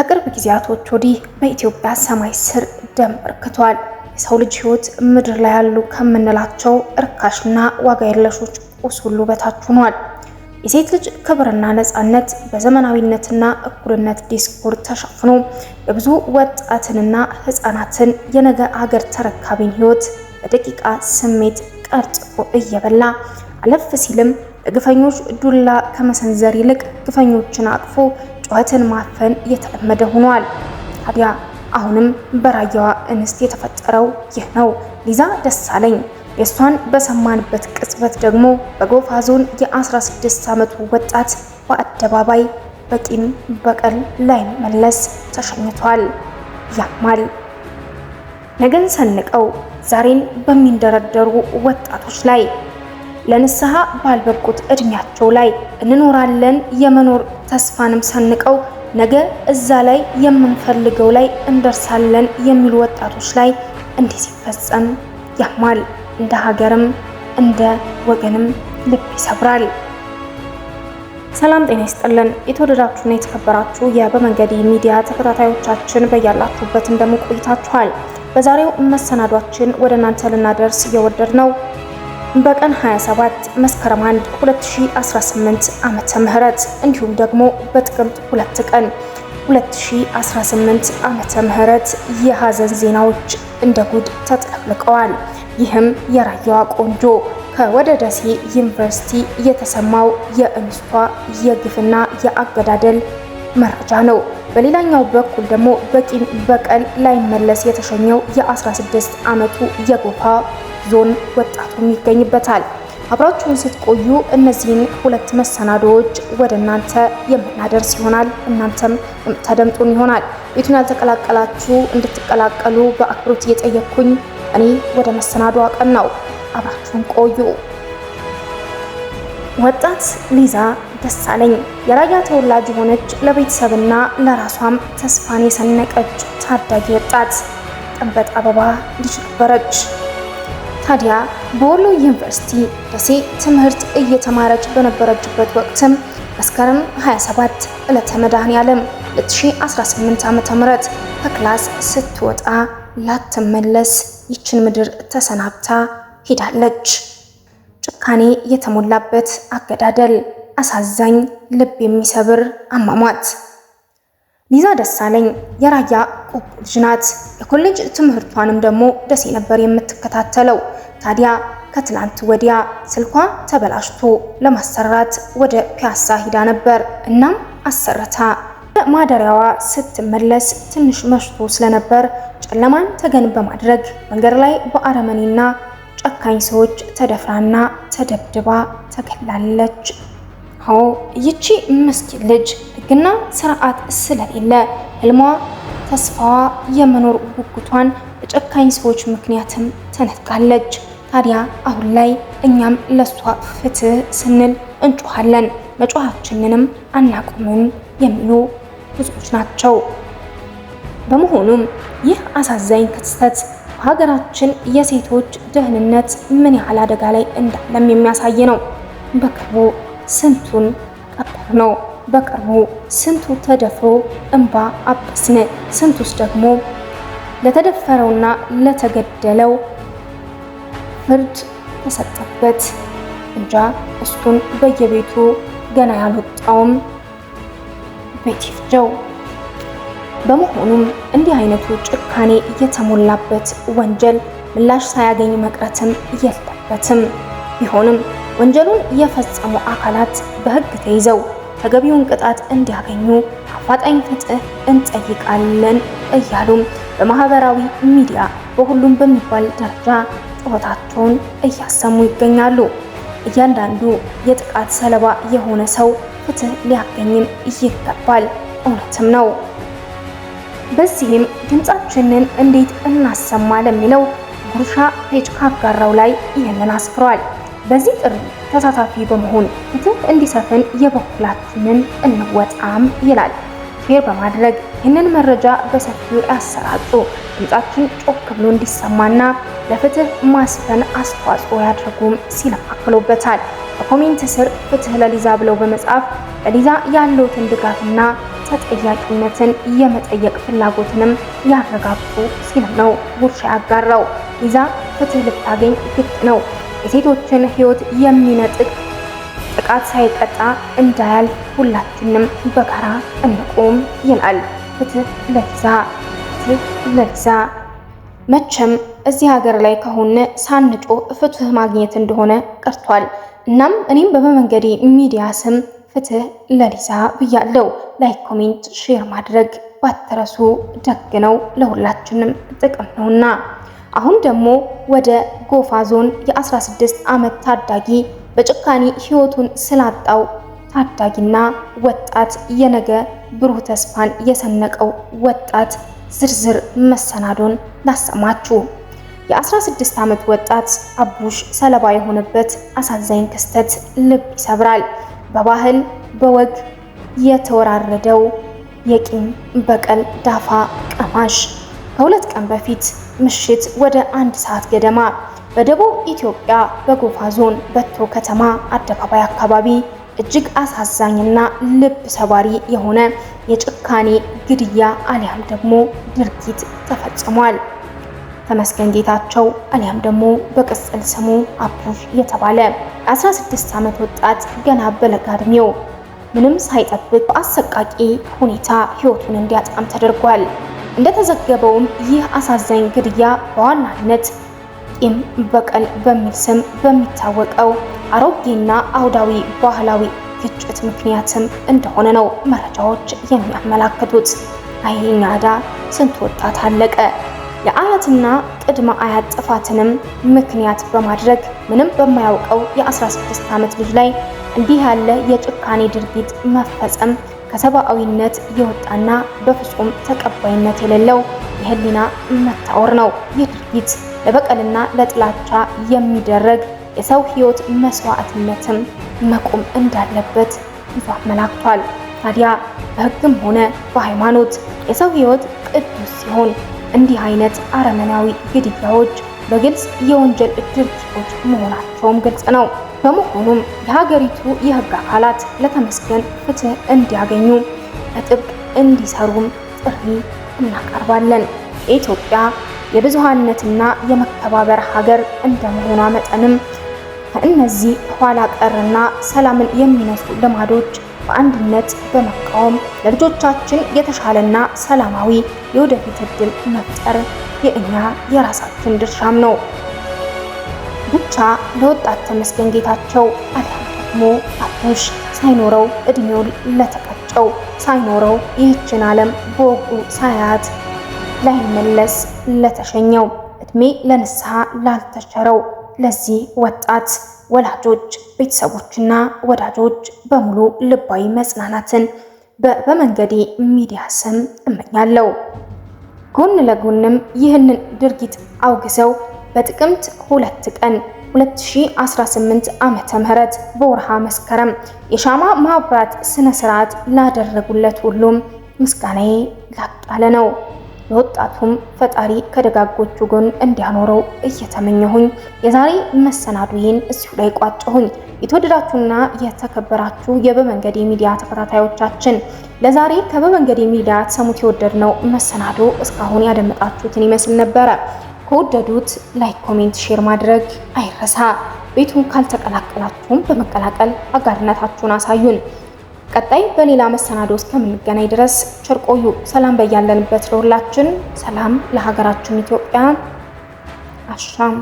ከቅርብ ጊዜያቶች ወዲህ በኢትዮጵያ ሰማይ ስር ደም በርክቷል። የሰው ልጅ ሕይወት ምድር ላይ ያሉ ከምንላቸው እርካሽና ዋጋ የለሾች ቁስ ሁሉ በታች ሆኗል። የሴት ልጅ ክብርና ነፃነት በዘመናዊነትና እኩልነት ዲስኩር ተሸፍኖ የብዙ ወጣትንና ሕፃናትን የነገ አገር ተረካቢን ሕይወት በደቂቃ ስሜት ቀርጽፎ እየበላ አለፍ ሲልም ለግፈኞች ዱላ ከመሰንዘር ይልቅ ግፈኞችን አቅፎ ጩኸትን ማፈን እየተለመደ ሆኗል። ታዲያ አሁንም በራያዋ እንስት የተፈጠረው ይህ ነው። ሊዛ ደሳለኝ የእሷን በሰማንበት ቅጽበት ደግሞ በጎፋ ዞን የ16 ዓመቱ ወጣት በአደባባይ በቂም በቀል ላይ መለስ ተሸኝቷል። ያማል። ነገን ሰንቀው ዛሬን በሚንደረደሩ ወጣቶች ላይ ለንስሐ ባልበቁት እድሜያቸው ላይ እንኖራለን የመኖር ተስፋንም ሰንቀው ነገ እዛ ላይ የምንፈልገው ላይ እንደርሳለን የሚሉ ወጣቶች ላይ እንዲህ ሲፈጸም ያማል። እንደ ሀገርም እንደ ወገንም ልብ ይሰብራል። ሰላም ጤና ይስጥልን። የተወደዳችሁና የተከበራችሁ የበመንገድ ሚዲያ ተከታታዮቻችን በያላችሁበት እንደምን ቆይታችኋል? በዛሬው መሰናዷችን ወደ እናንተ ልናደርስ እየወደድ ነው በቀን 27 መስከረም 1 2018 ዓመተ ምህረት እንዲሁም ደግሞ በጥቅምት 2 ቀን 2018 ዓመተ ምህረት የሀዘን ዜናዎች እንደ ጉድ ተጠቅልቀዋል። ይህም የራያዋ ቆንጆ ከወደ ደሴ ዩኒቨርሲቲ የተሰማው የእንስቷ የግፍና የአገዳደል መረጃ ነው። በሌላኛው በኩል ደግሞ በቂም በቀል ላይመለስ የተሸኘው የ16 ዓመቱ የጎፋ ዞን ወጣቱም ይገኝበታል። አብራችሁን ስትቆዩ እነዚህን ሁለት መሰናዶዎች ወደ እናንተ የምናደርስ ይሆናል። እናንተም የምታደምጡን ይሆናል። ቤቱን ያልተቀላቀላችሁ እንድትቀላቀሉ በአክብሮት እየጠየቅኩኝ እኔ ወደ መሰናዶ አቀን ነው። አብራችሁን ቆዩ። ወጣት ሊዛ ደሳለኝ የራያ ተወላጅ የሆነች ለቤተሰብና ለራሷም ተስፋን የሰነቀች ታዳጊ ወጣት ጠንበጥ አበባ ልጅ ነበረች። ታዲያ በወሎ ዩኒቨርሲቲ ደሴ ትምህርት እየተማረች በነበረችበት ወቅትም መስከረም 27 ዕለተ መድኃኔዓለም 2018 ም ከክላስ ስትወጣ ላትመለስ ይችን ምድር ተሰናብታ ሄዳለች። ጭካኔ የተሞላበት አገዳደል፣ አሳዛኝ ልብ የሚሰብር አሟሟት። ሊዛ ደሳለኝ የራያ ቆቦ ልጅ ናት። የኮሌጅ ትምህርቷንም ደግሞ ደሴ ነበር የምትከታተለው። ታዲያ ከትላንት ወዲያ ስልኳ ተበላሽቶ ለማሰራት ወደ ፒያሳ ሂዳ ነበር። እናም አሰርታ ማደሪያዋ ስትመለስ ትንሽ መሽቶ ስለነበር ጨለማን ተገን በማድረግ መንገድ ላይ በአረመኔና ጨካኝ ሰዎች ተደፍራና ተደብድባ ተገላለች። አዎ ይቺ ምስኪን ልጅ ሕግና ስርዓት ስለሌለ ህልሟ፣ ተስፋዋ፣ የመኖር ጉጉቷን በጨካኝ ሰዎች ምክንያትም ተነጥቃለች። ታዲያ አሁን ላይ እኛም ለእሷ ፍትህ ስንል እንጮኋለን፣ መጮኋችንንም አናቆምም የሚሉ ብዙዎች ናቸው። በመሆኑም ይህ አሳዛኝ ክስተት በሀገራችን የሴቶች ደህንነት ምን ያህል አደጋ ላይ እንዳለም የሚያሳይ ነው። በቅርቡ ስንቱን ቀበር ነው። በቅርቡ ስንቱ ተደፍሮ እንባ አበስን። ስንቱስ ደግሞ ለተደፈረውና ለተገደለው ፍርድ ተሰጠበት። እንጃ እሱን በየቤቱ ገና ያልወጣውም ቤት ይፍጀው። በመሆኑም እንዲህ አይነቱ ጭካኔ የተሞላበት ወንጀል ምላሽ ሳያገኝ መቅረትም የለበትም። ቢሆንም ወንጀሉን የፈጸሙ አካላት በሕግ ተይዘው ተገቢውን ቅጣት እንዲያገኙ አፋጣኝ ፍትህ እንጠይቃለን እያሉም በማህበራዊ ሚዲያ በሁሉም በሚባል ደረጃ ጩኸታቸውን እያሰሙ ይገኛሉ። እያንዳንዱ የጥቃት ሰለባ የሆነ ሰው ፍትህ ሊያገኝም ይገባል። እውነትም ነው። በዚህም ድምፃችንን እንዴት እናሰማ ለሚለው ጉርሻ ፔጅ ካጋራው ላይ ይህንን አስፍሯል። በዚህ ጥሪ ተሳታፊ በመሆን ፍትህ እንዲሰፍን የበኩላችንን እንወጣም ይላል። ሼር በማድረግ ይህንን መረጃ በሰፊው ያሰራጩ። ድምጻችን ጮክ ብሎ እንዲሰማና ለፍትህ ማስፈን አስተዋጽኦ ያድርጉም ሲል በኮሜንት ስር ፍትህ ለሊዛ ብለው በመጻፍ ለሊዛ ያለውትን ድጋፍና ተጠያቂነትን የመጠየቅ ፍላጎትንም ያረጋግጡ ሲልም ነው ጉርሻ ያጋራው። ሊዛ ፍትህ ልታገኝ ግድ ነው። የሴቶችን ህይወት የሚነጥቅ ጥቃት ሳይቀጣ እንዳያል ሁላችንም በጋራ እንቆም ይላል። ፍትህ ለሊዛ ፍትህ ለሊዛ። መቼም እዚህ ሀገር ላይ ከሆነ ሳንጮ ፍትህ ማግኘት እንደሆነ ቀርቷል። እናም እኔም በመንገዴ ሚዲያ ስም ፍትህ ለሊዛ ብያለው። ላይክ፣ ኮሜንት፣ ሼር ማድረግ ባትረሱ ደግ ነው፣ ለሁላችንም ጥቅም ነውና። አሁን ደግሞ ወደ ጎፋ ዞን የ16 ዓመት ታዳጊ በጭካኔ ህይወቱን ስላጣው ታዳጊና ወጣት የነገ ብሩህ ተስፋን የሰነቀው ወጣት ዝርዝር መሰናዶን ላሰማችሁ። የ16 ዓመት ወጣት አቡሽ ሰለባ የሆነበት አሳዛኝ ክስተት ልብ ይሰብራል። በባህል በወግ የተወራረደው የቂም በቀል ዳፋ ቀማሽ ከሁለት ቀን በፊት ምሽት ወደ አንድ ሰዓት ገደማ በደቡብ ኢትዮጵያ በጎፋ ዞን በቶ ከተማ አደባባይ አካባቢ እጅግ አሳዛኝና ልብ ሰባሪ የሆነ የጭካኔ ግድያ አሊያም ደግሞ ድርጊት ተፈጽሟል። ተመስገን ጌታቸው አሊያም ደግሞ በቅጽል ስሙ አፑሽ የተባለ 16 ዓመት ወጣት ገና በለጋ ዕድሜው ምንም ሳይጠብቅ በአሰቃቂ ሁኔታ ሕይወቱን እንዲያጣም ተደርጓል። እንደተዘገበውም ይህ አሳዛኝ ግድያ በዋናነት ጢም በቀል በሚል ስም በሚታወቀው አሮጌና አውዳዊ ባህላዊ ግጭት ምክንያትም እንደሆነ ነው መረጃዎች የሚያመላክቱት። አይሄኛ ዕዳ ስንት ወጣት አለቀ? የአያትና ቅድመ አያት ጥፋትንም ምክንያት በማድረግ ምንም በማያውቀው የ16 ዓመት ልጅ ላይ እንዲህ ያለ የጭካኔ ድርጊት መፈጸም ከሰብአዊነት የወጣና በፍጹም ተቀባይነት የሌለው የህሊና መታወር ነው ይህ ድርጊት። ለበቀልና ለጥላቻ የሚደረግ የሰው ሕይወት መስዋዕትነትም መቆም እንዳለበት ይፋ አመላክቷል። ታዲያ በህግም ሆነ በሃይማኖት የሰው ሕይወት ቅዱስ ሲሆን እንዲህ አይነት አረመናዊ ግድያዎች በግልጽ የወንጀል ድርጊቶች መሆናቸውም ግልጽ ነው። በመሆኑም የሀገሪቱ የህግ አካላት ለተመስገን ፍትህ እንዲያገኙ በጥብቅ እንዲሰሩም ጥሪ እናቀርባለን። የኢትዮጵያ የብዙሃንነትና የመከባበር ሀገር እንደመሆኗ መጠንም ከእነዚህ ኋላ ቀርና ሰላምን የሚነሱ ልማዶች በአንድነት በመቃወም ለልጆቻችን የተሻለና ሰላማዊ የወደፊት እድል መፍጠር የእኛ የራሳችን ድርሻም ነው። ብቻ ለወጣት ተመስገን ጌታቸው አሊያም ደግሞ ሳይኖረው እድሜውን ለተቀጨው ሳይኖረው ይህችን ዓለም በወጉ ሳያት ላይመለስ ለተሸኘው እድሜ ለንስሐ ላልተቸረው ለዚህ ወጣት ወላጆች፣ ቤተሰቦችና ወዳጆች በሙሉ ልባዊ መጽናናትን በመንገዴ ሚዲያ ስም እመኛለሁ። ጎን ለጎንም ይህንን ድርጊት አውግዘው በጥቅምት ሁለት ቀን 2018 ዓመተ ምህረት በወርሃ መስከረም የሻማ ማብራት ስነ ስርዓት ላደረጉለት ሁሉም ምስጋናዬ ላቅ ያለ ነው። ለወጣቱም ፈጣሪ ከደጋጎቹ ጎን እንዲያኖረው እየተመኘሁኝ የዛሬ መሰናዱዬን እዚሁ ላይ ቋጨሁኝ። የተወደዳችሁና የተከበራችሁ የበመንገዴ ሚዲያ ተከታታዮቻችን ለዛሬ ከበመንገዴ ሚዲያ ሰሙት የወደድነው መሰናዶ እስካሁን ያደመጣችሁትን ይመስል ነበረ። ከወደዱት ላይክ፣ ኮሜንት፣ ሼር ማድረግ አይረሳ። ቤቱን ካልተቀላቀላችሁም በመቀላቀል አጋርነታችሁን አሳዩን። ቀጣይ በሌላ መሰናዶ እስከምንገናኝ ድረስ ቸር ቆዩ። ሰላም በያለንበት ለሁላችን፣ ሰላም ለሀገራችን ኢትዮጵያ። አሻም